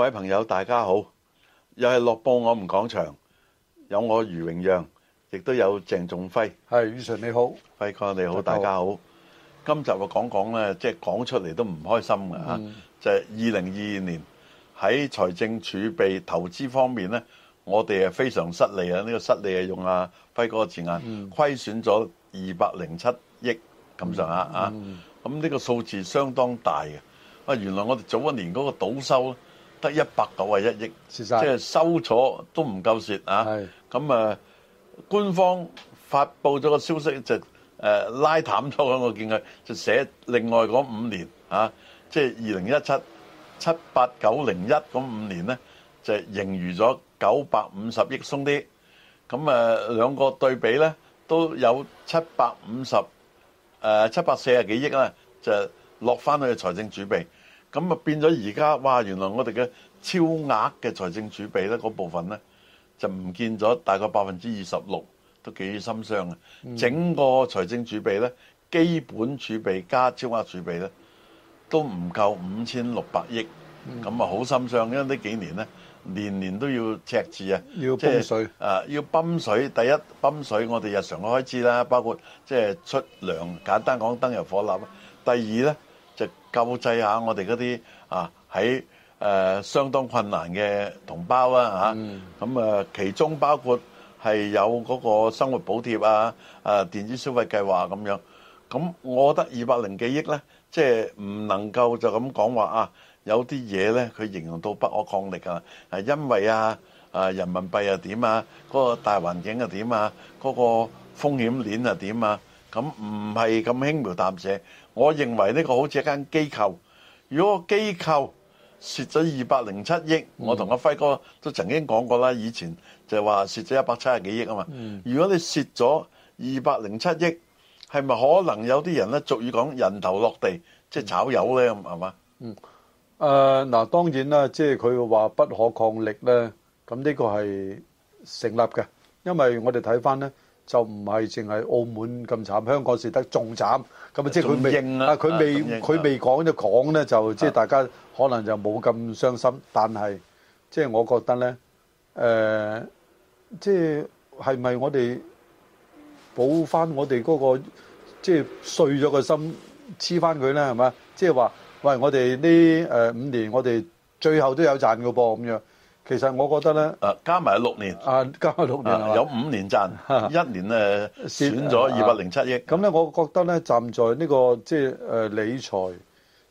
各位朋友，大家好！又係樂報，我唔講場，有我余榮讓，亦都有鄭仲輝。係宇晨你好，輝哥你好，你好，大家好。今集嘅講講咧，即係講出嚟都唔開心嘅吓、嗯。就係二零二二年喺財政儲備投資方面咧，我哋係非常失利啊！呢、這個失利啊，用阿輝哥嘅字眼，虧損咗二百零七億咁上下啊！咁、嗯、呢、嗯、個數字相當大嘅。啊，原來我哋早一年嗰個倒收。得一百九十一億，即係收咗都唔夠蝕啊！咁啊，官方發布咗個消息就誒、啊、拉淡咗啦。我見佢就寫另外嗰五年啊，即係二零一七七八九零一嗰五年咧，就盈餘咗九百五十億鬆啲。咁啊，兩個對比咧都有七百五十誒七百四十幾億啦，就落翻去財政儲備。咁啊變咗而家哇，原來我哋嘅超額嘅財政儲備咧，嗰部分咧就唔見咗，大概百分之二十六，都幾心傷啊！整個財政儲備咧，基本儲備加超額儲備咧，都唔夠五千六百億，咁啊好心傷，因為呢幾年咧，年年都要赤字啊，要泵水、就係、啊，要泵水。第一泵水，我哋日常嘅開支啦，包括即係出糧，簡單講燈油火蠟。第二咧。救濟下我哋嗰啲啊喺誒相當困難嘅同胞啦嚇，咁啊其中包括係有嗰個生活補貼啊、誒電子消費計劃咁樣，咁我覺得二百零幾億咧，即係唔能夠就咁講話啊，有啲嘢咧佢形容到不可抗力啊，係因為啊啊人民幣又點啊，嗰個大環境又點啊，嗰個風險鏈又點啊。咁唔係咁輕描淡寫，我認為呢個好似一間機構。如果機構蝕咗二百零七億，我同阿輝哥都曾經講過啦，以前就話蝕咗一百七十幾億啊嘛。如果你蝕咗二百零七億，係咪可能有啲人咧俗語講人頭落地，即係炒魷咧咁係嘛？嗯。誒、嗯、嗱、呃，當然啦，即係佢話不可抗力咧，咁呢個係成立嘅，因為我哋睇翻咧。就唔係淨係澳門咁慘，香港蝕得仲慘。咁啊，即係佢未啊，佢未佢未講就講咧，就即係大家可能就冇咁傷心。但係即係我覺得咧，誒，即係係咪我哋補翻我哋嗰個即係碎咗個心，黐翻佢咧係咪？即係話，喂，我哋呢誒五年，我哋最後都有賺嘅噃咁樣。其實我覺得咧、啊，加埋六年，啊加埋六年、啊，有五年賺，啊、一年誒損咗二百零七億。咁咧，啊嗯、我覺得咧，站在呢、這個即係、就是呃、理財，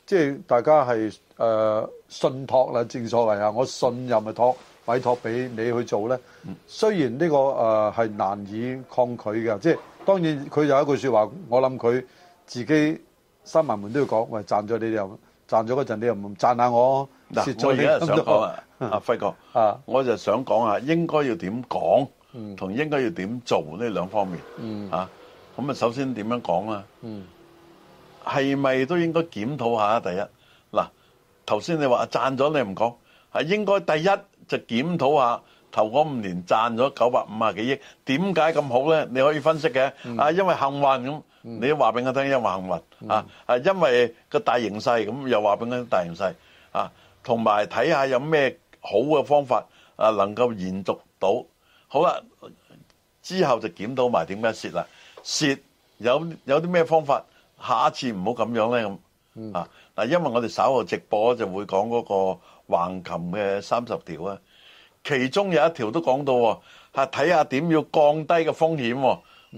即、就、係、是、大家係誒、呃、信託啦，正所謂啊，我信任啊託委託俾你去做咧、嗯。雖然呢個誒係難以抗拒嘅，即、就、係、是、當然佢有一句說話，我諗佢自己閂埋門都要講，喂賺咗你哋賺咗嗰陣，你又唔賺下我？嗱，我而家就想講啊，輝哥，我就想講下，應該要點講同應該要點做呢兩方面啊。咁啊，首先點樣講啊？係咪都應該檢討下？第一嗱，頭先你話賺咗你唔講，係應該第一就檢討下頭嗰五年賺咗九百五十幾億，點解咁好咧？你可以分析嘅啊，因為幸運咁。你話俾我聽，因為幸運啊，啊，因為個大形勢咁，又話俾我聽大形勢啊，同埋睇下有咩好嘅方法啊，能夠延續到好啦。之後就檢討埋點解蝕啦，蝕有有啲咩方法，下一次唔好咁樣咧咁啊。嗱，因為我哋稍後直播就會講嗰個橫琴嘅三十條啊，其中有一條都講到喎，睇下點要降低嘅風險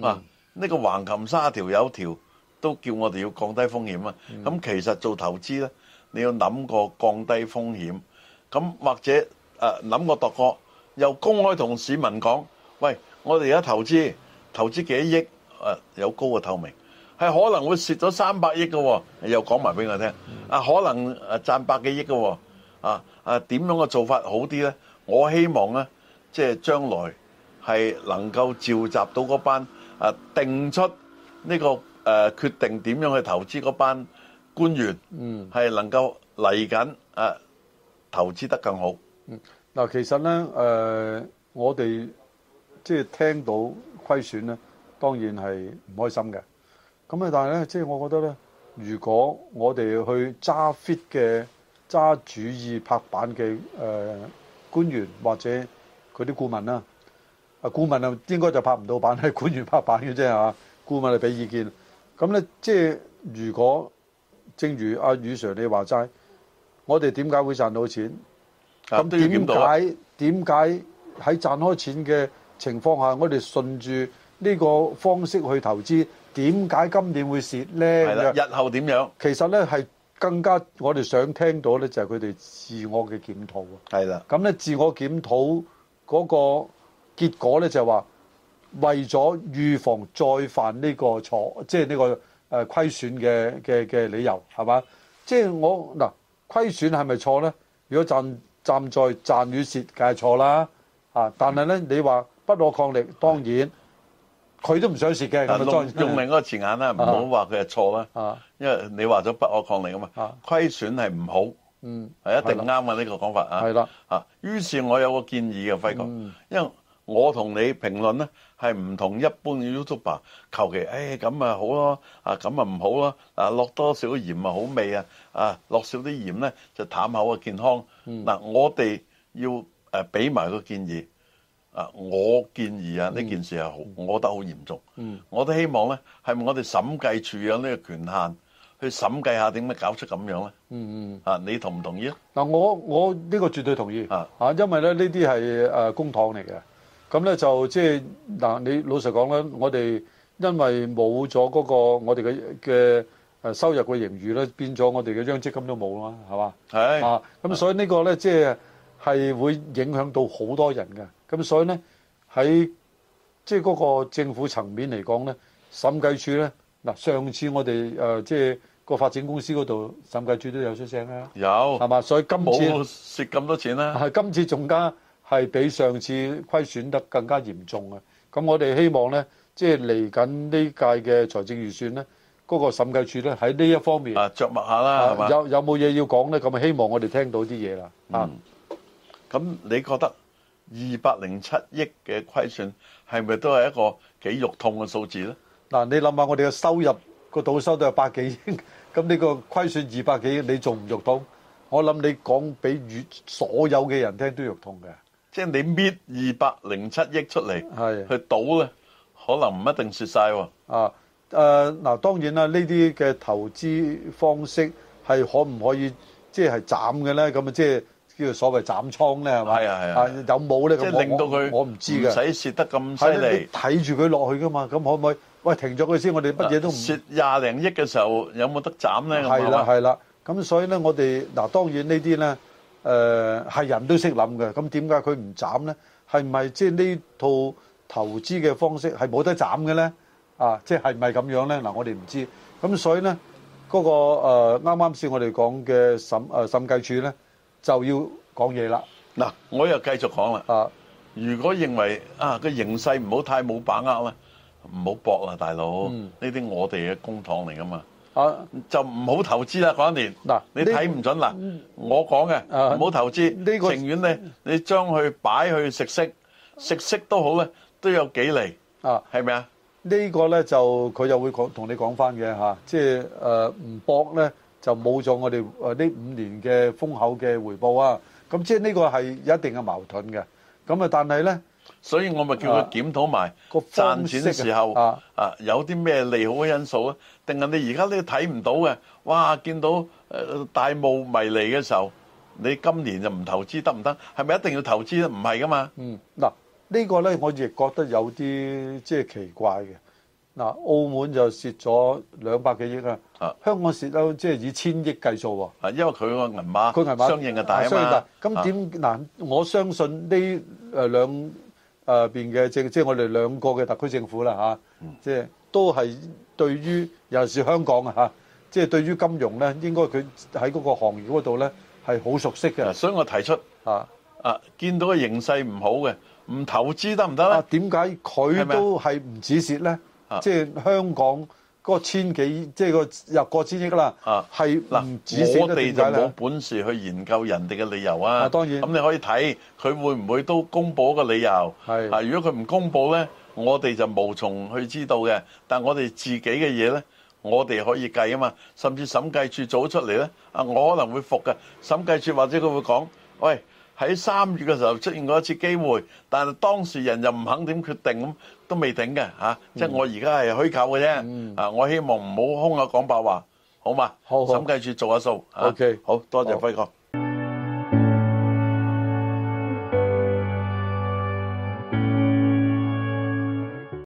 啊。呢、這個橫琴沙條有條，都叫我哋要降低風險啊。咁其實做投資呢，你要諗過降低風險，咁或者諗、啊、過度過，又公開同市民講，喂，我哋而家投資投資幾億、啊、有高嘅透明，係可能會蝕咗三百億嘅、啊，又講埋俾我聽，啊，可能啊賺百幾億嘅，啊啊點、啊、樣嘅做法好啲呢？我希望呢，即係將來係能夠召集到嗰班。啊！定出呢個誒決定點樣去投資嗰班官員，嗯，係能夠嚟緊誒投資得更好。嗯，嗱，其實咧誒，我哋即係聽到虧損咧，當然係唔開心嘅。咁啊，但係咧，即係我覺得咧，如果我哋去揸 fit 嘅揸主意拍板嘅誒官員或者佢啲顧問啦。啊！顧問啊，應該就拍唔到板，係官員拍板嘅啫嚇。顧問嚟俾意見，咁咧即係如果正如阿宇 Sir 你話齋，我哋點解會賺到錢？咁點解點解喺賺開錢嘅情況下，我哋順住呢個方式去投資，點解今年會蝕咧？係啦，日後點樣？其實咧係更加我哋想聽到咧，就係佢哋自我嘅檢討啊。係啦，咁咧自我檢討嗰個。結果咧就話為咗預防再犯呢個錯，即係呢個誒虧損嘅嘅嘅理由，係嘛？即係我嗱虧損係咪錯咧？如果站站在賺與蝕，梗係錯啦吓。但係咧，你話不可抗力，當然佢都唔想蝕嘅。用用另一個字眼啦，唔好話佢係錯啦。啊，因為你話咗不可抗力啊嘛。啊，虧損係唔好，嗯，係一定啱嘅呢個講法啊。係啦，啊，於是我有個建議嘅輝哥，因為。我同你評論咧，係唔同一般嘅 YouTuber 求其哎，咁咪好咯啊，咁咪唔好咯啊，落多少鹽咪好味啊啊，落少啲鹽咧就淡口啊，健康嗱、嗯啊，我哋要誒俾埋個建議啊，我建議啊呢件事係好、嗯，我覺得好嚴重，嗯、我都希望咧係咪我哋審計處有呢個權限去審計下點解搞出咁樣咧、嗯？啊，你同唔同意啊？嗱，我我呢個絕對同意啊，因為咧呢啲係、呃、公帑嚟嘅。咁咧就即係嗱，你老實講啦，我哋因為冇咗嗰個我哋嘅嘅誒收入嘅盈餘咧，變咗我哋嘅央積金都冇啦，係嘛？係。啊，咁所以呢個咧即係係會影響到好多人嘅。咁所以咧喺即係嗰個政府層面嚟講咧，審計署咧嗱，上次我哋誒即係個發展公司嗰度審計署都有出聲啦。有。係嘛？所以今次冇蝕咁多錢啦。係，今次仲加。係比上次虧損得更加嚴重啊！咁我哋希望咧，即係嚟緊呢屆嘅財政預算咧，嗰個審計處咧喺呢一方面啊，著墨下啦，係嘛？有有冇嘢要講咧？咁希望我哋聽到啲嘢啦。啊，咁你覺得二百零七億嘅虧損係咪都係一個幾肉痛嘅數字咧？嗱，你諗下，我哋嘅收入個賭收都有百幾億，咁呢個虧損二百幾億，你仲唔肉痛？我諗你講俾粵所有嘅人聽都肉痛嘅。即係你搣二百零七億出嚟，係去賭咧，可能唔一定蝕晒喎。啊，誒嗱，當然啦，呢啲嘅投資方式係可唔可以即係斬嘅咧？咁啊，即係叫做所謂斬倉咧，係咪？係啊係啊。有冇咧？即係令到佢，我唔知㗎。唔使蝕得咁犀利。睇住佢落去㗎嘛？咁可唔可以？喂，停咗佢先，我哋乜嘢都唔蝕廿零億嘅時候，有冇得斬咧？係啦係啦。咁所以咧，我哋嗱，當然呢啲咧。誒係人都識諗嘅，咁點解佢唔斬咧？係唔係即係呢套投資嘅方式係冇得斬嘅咧？啊，即係係唔係咁樣咧？嗱，我哋唔知。咁所以咧，嗰個誒啱啱先我哋講嘅審誒審計處咧，就要講嘢啦。嗱，我又繼續講啦。啊，如果認為啊個形勢唔好太冇把握咧，唔好搏啦，大佬。嗯。呢啲我哋嘅公帑嚟噶嘛。啊！就唔好投資啦。嗰一年嗱，你睇唔準嗱，我講嘅唔好投資，寧願咧你將佢擺去食息，食息都好咧，都有幾釐啊？係咪啊？呢個咧就佢又會講同你講翻嘅吓，即係誒唔搏咧就冇咗我哋誒呢五年嘅豐厚嘅回報啊。咁即係呢個係有一定嘅矛盾嘅。咁啊，但係咧。所以我咪叫佢檢討埋賺錢嘅時候啊，有啲咩利好嘅因素啊？定係你而家都睇唔到嘅？哇！見到大霧迷離嘅時候，你今年就唔投資得唔得？係咪一定要投資咧？唔係噶嘛。嗯，嗱呢個咧，我亦覺得有啲即係奇怪嘅。嗱，澳門就蝕咗兩百幾億啦，香港蝕咗即係以千億計數喎。啊，因為佢個銀碼，佢銀碼相應嘅大啊嘛。所以，咁點嗱？我相信呢誒兩。誒邊嘅即係我哋兩個嘅特區政府啦嚇，即係都係對於尤其是香港嚇，即係對於金融咧，應該佢喺嗰個行業嗰度咧係好熟悉嘅。所以我提出嚇啊，見到個形勢唔好嘅，唔投資得唔得啦？點解佢都係唔止蝕咧？即係香港。嗰、那個、千幾，即係個入過千億啦，嗱，我哋就冇本事去研究人哋嘅理由啊。咁、啊、你可以睇佢會唔會都公佈一個理由？啊，如果佢唔公佈咧，我哋就無從去知道嘅。但我哋自己嘅嘢咧，我哋可以計啊嘛。甚至審計處做出嚟咧，啊，我可能會服嘅。審計處或者佢會講，喂。喺三月嘅時候出現過一次機會，但係當事人又唔肯點決定咁，都未定嘅吓。即係我而家係虛構嘅啫。啊，我希望唔好空口講白話，好嘛？好，咁，繼續做下數。OK，好、啊、okay, 好多謝輝哥。